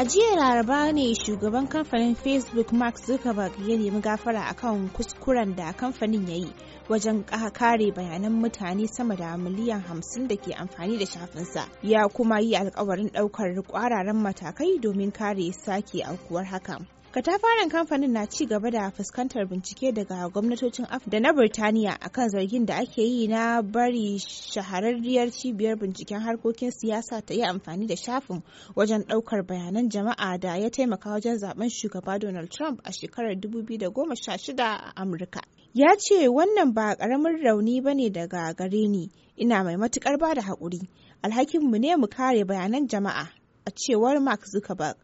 A jiya laraba ne shugaban kamfanin Facebook Mark Zuckerberg ya nemi gafara akan kuskuren da kamfanin ya yi wajen kare bayanan mutane sama da miliyan hamsin da ke amfani da shafinsa. Ya kuma yi alkawarin ɗaukar kwararan matakai domin kare sake aukuwar hakan. katafaren kamfanin na ci gaba da fuskantar bincike daga gwamnatocin afirka da na birtaniya akan zargin da ake yi na bari shahararriyar cibiyar binciken harkokin siyasa ta yi amfani da shafin wajen daukar bayanan jama'a da ya taimaka wajen zaben shugaba donald trump a shekarar 2016 a amurka ya ce wannan ba karamin rauni ba ne daga gare ni ina mai matukar ba da haƙuri alhakinmu ne mu kare bayanan jama'a a cewar mark zuckerberg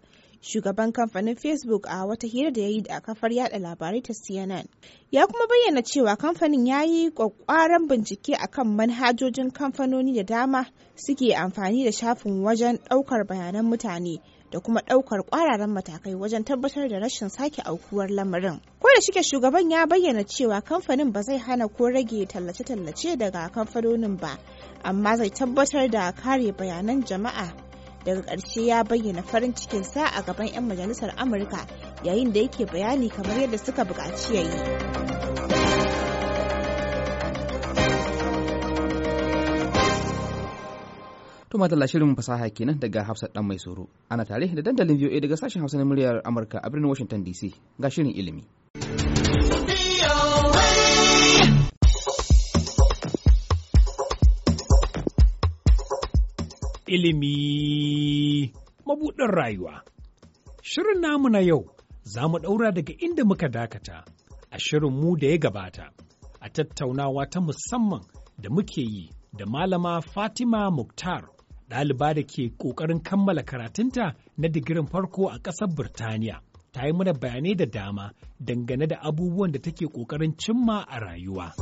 shugaban kamfanin facebook a wata hira da ya yi a kafar yada labarai ta cnn ya kuma bayyana cewa kamfanin ya yi kwakwaran bincike kan manhajojin kamfanoni da dama suke amfani da shafin wajen ɗaukar bayanan mutane da kuma ɗaukar ƙwararan matakai wajen tabbatar da rashin sake aukuwar lamarin. Ko da shike shugaban ya bayyana cewa kamfanin ba zai hana ko rage tallace-tallace daga kamfanonin ba, amma zai tabbatar da kare bayanan jama'a daga ƙarshe ya bayyana farin cikinsa a gaban 'yan majalisar amurka yayin da yake bayani kamar yadda suka bukaci ya yi To shirin fasaha kenan daga Hafsat dan mai soro. Ana tare da dandalin VOA daga sashen Hausa na muryar Amurka a birnin Washington DC. Ga shirin ilimi. ilimi mabuɗin rayuwa. Shirin namu na yau za mu ɗaura daga inda muka dakata a shirin mu da ya gabata a tattaunawa ta musamman da muke yi da malama Fatima Muktar, ɗaliba da ke ƙoƙarin kammala karatunta na digirin farko a ƙasar Birtaniya. Ta yi mana bayanai da dama dangane da abubuwan da take ƙoƙarin cimma a rayuwa.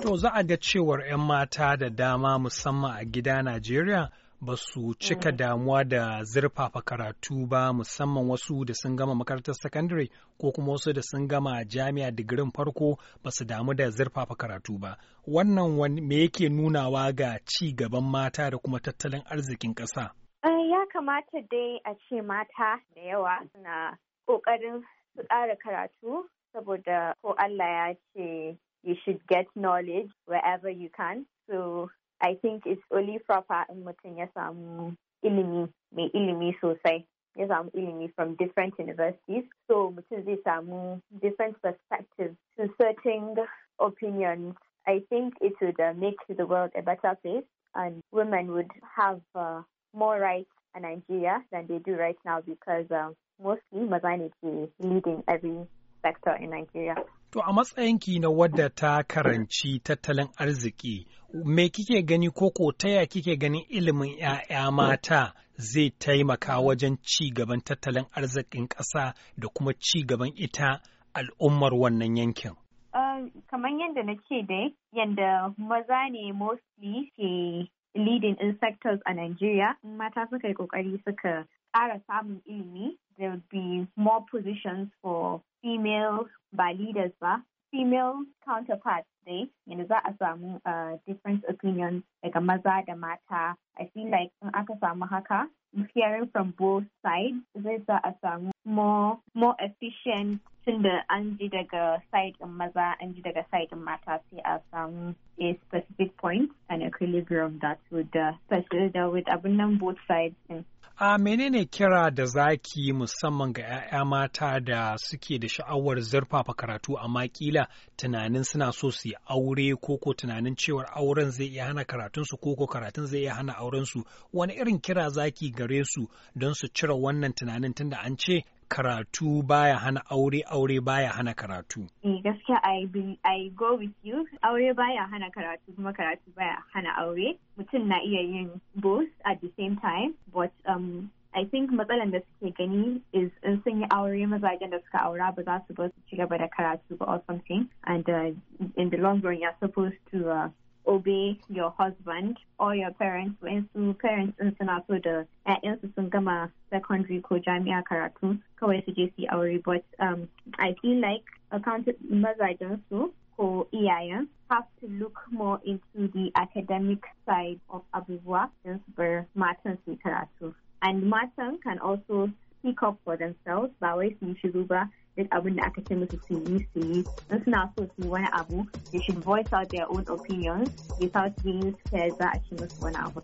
To za a ga cewar 'yan mata da dama musamman a gida Najeriya ba su cika damuwa da zurfafa karatu ba musamman wasu da sun gama makarantar secondary ko kuma wasu da sun gama jami'a digirin farko ba su damu da zurfafa karatu ba wannan me yake nunawa ga ci gaban mata da kuma tattalin arzikin ƙasa eh, ya kamata dai a ce mata da yawa na ƙoƙarin su ƙara karatu saboda ko Allah ya ce you should get knowledge wherever you can. So I think it's only proper in mutum ya samu ilimi so say yes. I'm ilimi from different universities. So mutum zai samu different perspectives to certain opinions. I think it would uh, make the world a better place and women would have uh, more rights in Nigeria than they do right now because uh, mostly men is leading every sector in Nigeria. To a matsayinki na wadda ta karanci tattalin arziki, me kike gani koko ta kike ganin ilimin 'ya'ya mata zai taimaka wajen ci gaban tattalin arzikin ƙasa da kuma ci gaban ita al'ummar wannan yankin? Um, kamar yadda na ce dai yadda maza ne mostly ke leading inspectors a Nigeria mata suka yi kokari suka ƙara samun ilimi there would be more positions for female ba leaders ba female counterparts dai yanzu za a samu uh, different opinions daga maza da mata i feel like in aka samu haka hearing from both sides zai sa a samu more, more efficient da an ji daga side in maza an ji daga side in mata sai a samu a specific point and equilibrium that would uh, with abin nan both sides in. A menene kira da zaki musamman ga 'ya'ya mata da suke da sha'awar zurfafa karatu amma kila tunanin suna so su yi aure ko ko tunanin cewar auren zai iya hana karatunsu ko karatun zai iya hana aurensu wani irin kira zaki gare su don su cire wannan tunanin tunda an ce karatu baya hana aure aure baya hana karatu. Eh gaskiya I I go with you aure baya hana karatu kuma karatu baya hana aure mutum na iya yin both at the same time but um I think matsalan da suke gani is in sun yi aure mazajen da suka aura ba za su ba su ci gaba da karatu ba or something and uh, in the long run you're supposed to uh, obey your husband or your parents when su parents in suna the, da ƴaƴansu gama secondary ko jami'a karatu kawai su je but um, I feel like accounted mazajen so. ko eia, have to look more into the academic side of abubuwa don su bar matan and matan can also speak up for themselves by wai su duk abin da aka ce musu su yi su yi in suna so su yi wani abu they should voice out their own opinions without being scared za a ce musu wani abu